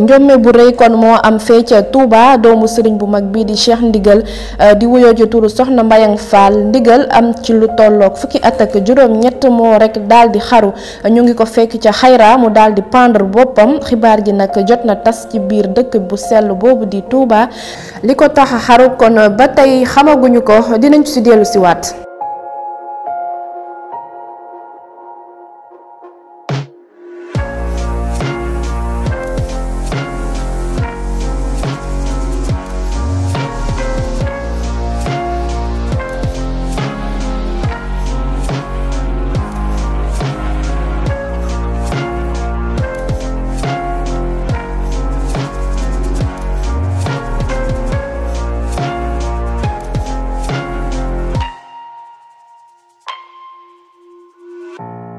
njomme bu rëy kon moo am fee ca Touba doomu sëriñ bu mag bii di Cheikh Ndigal euh, di wuyoo ci turu soxna Mbayang Fall Ndigal am ci lu tolloog fukki atak ak juróom-ñett moo rek daal di xaru ñu ngi ko fekk ca xayra mu daal di pendre boppam xibaar ji nag jot na tas ci biir dëkk bu sell boobu di Touba li ko tax a xaru kon ba tey xamaguñu ko dinañ ci dellu siwaat thank you